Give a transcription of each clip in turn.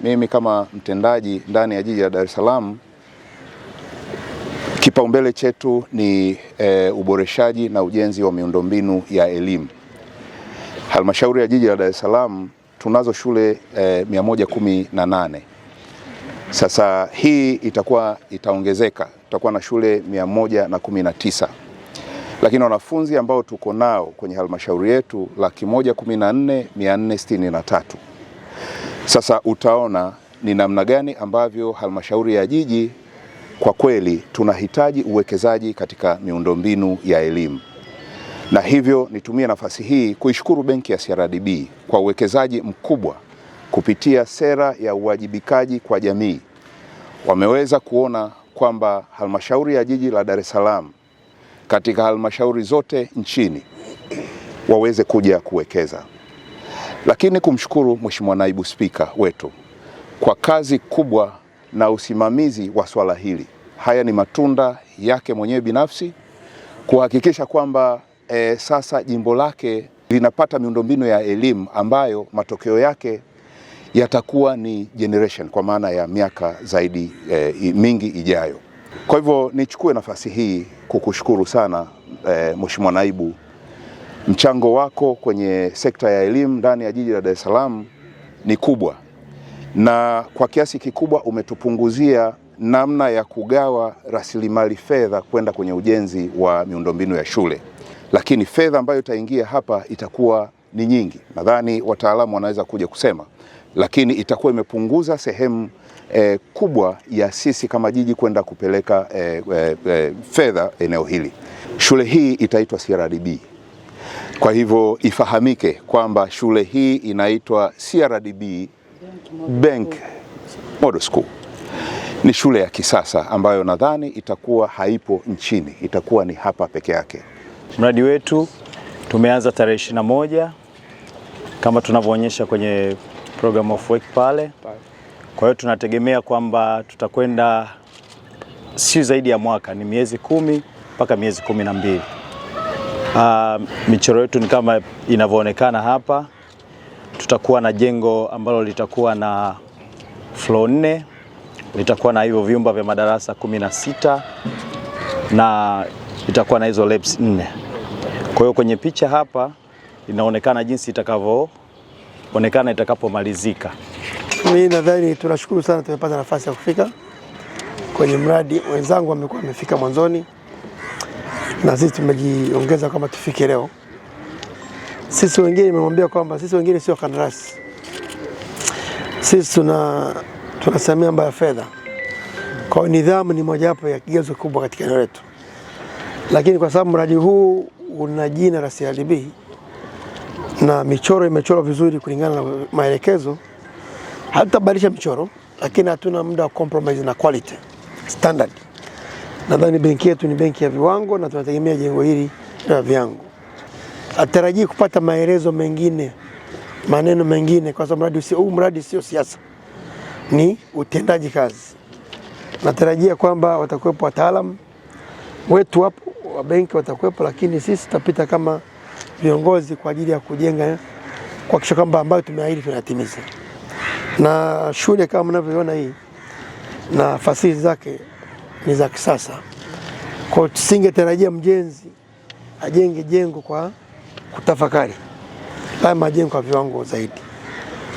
mimi kama mtendaji ndani ya jiji la Dar es Salaam, kipaumbele chetu ni e, uboreshaji na ujenzi wa miundombinu ya elimu. Halmashauri ya jiji la Dar es Salaam tunazo shule e, nane. Sasa hii itakuwa itaongezeka, tutakuwa na shule na tisa lakini wanafunzi ambao tuko nao kwenye halmashauri yetu laki moja kumi na nne mia nne sitini na tatu. Sasa utaona ni namna gani ambavyo halmashauri ya jiji kwa kweli tunahitaji uwekezaji katika miundombinu ya elimu, na hivyo nitumie nafasi hii kuishukuru benki ya CRDB kwa uwekezaji mkubwa kupitia sera ya uwajibikaji kwa jamii. Wameweza kuona kwamba halmashauri ya jiji la Dar es Salaam katika halmashauri zote nchini waweze kuja kuwekeza. Lakini kumshukuru Mheshimiwa Naibu Spika wetu kwa kazi kubwa na usimamizi wa swala hili. Haya ni matunda yake mwenyewe binafsi kuhakikisha kwamba e, sasa jimbo lake linapata miundombinu ya elimu ambayo matokeo yake yatakuwa ni generation kwa maana ya miaka zaidi e, mingi ijayo. Kwa hivyo nichukue nafasi hii kukushukuru sana e, Mheshimiwa Naibu mchango wako kwenye sekta ya elimu ndani ya jiji la Dar es Salaam ni kubwa, na kwa kiasi kikubwa umetupunguzia namna ya kugawa rasilimali fedha kwenda kwenye ujenzi wa miundombinu ya shule, lakini fedha ambayo itaingia hapa itakuwa ni nyingi, nadhani wataalamu wanaweza kuja kusema, lakini itakuwa imepunguza sehemu e, kubwa ya sisi kama jiji kwenda kupeleka e, e, fedha eneo hili. Shule hii itaitwa CRDB. Kwa hivyo ifahamike kwamba shule hii inaitwa CRDB Bank Model School. Ni shule ya kisasa ambayo nadhani itakuwa haipo nchini, itakuwa ni hapa peke yake. Mradi wetu tumeanza tarehe ishirini na moja kama tunavyoonyesha kwenye program of work pale. Kwa hiyo tunategemea kwamba tutakwenda si zaidi ya mwaka, ni miezi kumi mpaka miezi kumi na mbili. Uh, michoro yetu ni kama inavyoonekana hapa. Tutakuwa na jengo ambalo litakuwa na floor nne, litakuwa na hivyo vyumba vya madarasa kumi na sita na itakuwa na hizo labs nne. Kwa hiyo kwenye picha hapa inaonekana jinsi itakavyoonekana itakapomalizika. Mimi nadhani tunashukuru sana tumepata nafasi ya kufika kwenye mradi. Wenzangu wamekuwa wamefika mwanzoni na sisi tumejiongeza kama tufike leo. Sisi wengine nimemwambia kwamba sisi wengine sio kandarasi, sisi tuna tunasimamia mambo ya fedha. Kwa hiyo nidhamu ni mojawapo ya kigezo kubwa katika eneo letu, lakini kwa sababu mradi huu una jina la CRDB na michoro imechorwa vizuri kulingana na maelekezo, hatutabadilisha michoro, lakini hatuna muda wa compromise na quality standard. Nadhani benki yetu ni benki ya viwango na tunategemea jengo hili la viwango. Atarajii kupata maelezo mengine, maneno mengine, kwa sababu huu mradi sio siasa, ni utendaji kazi. Natarajia kwamba watakuwepo wataalamu wetu hapo wa benki watakuwepo, lakini sisi tutapita kama viongozi kwa ajili ya kujenga, kuhakikisha kwamba ambayo tumeahidi tunatimiza. Na shule kama mnavyoona hii na fasihi zake ni za kisasa. Kwa hiyo tusingetarajia mjenzi ajenge jengo kwa kutafakari, lazima ajenge kwa viwango zaidi.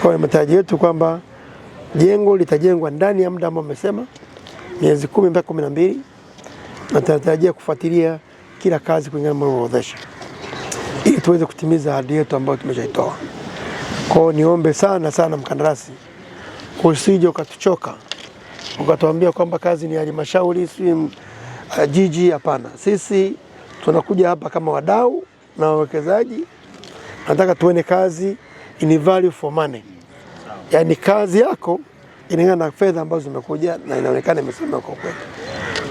Kwa hiyo matarajio yetu kwamba jengo litajengwa ndani ya muda ambao amesema miezi kumi mpaka kumi na mbili, na tunatarajia kufuatilia kila kazi kulingana na orodhesha, ili tuweze kutimiza ahadi yetu ambayo tumeshaitoa. Kwa hiyo niombe sana sana mkandarasi, usije ukatuchoka ukatuambia kwamba kazi ni halmashauri si uh, jiji. Hapana, sisi tunakuja hapa kama wadau na wawekezaji, nataka tuone kazi in value for money, yaani kazi yako inaingana na fedha ambazo zimekuja na inaonekana imesema kwa kweli.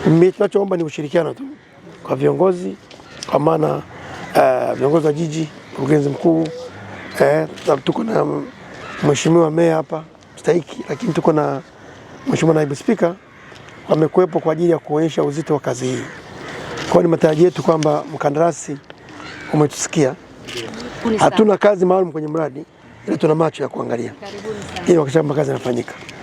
Mimi tunachoomba ni ushirikiano tu kwa viongozi, kwa maana uh, viongozi wa jiji, mkurugenzi mkuu eh, tuko na mheshimiwa meya hapa mstahiki, lakini tuko na Mheshimiwa Naibu Spika, wamekuwepo kwa ajili ya kuonyesha uzito wa kazi hii. Kwa hiyo ni matarajio yetu kwamba mkandarasi umetusikia, hatuna kazi maalum kwenye mradi, ila tuna macho ya kuangalia ili kuhakikisha kwamba kazi inafanyika.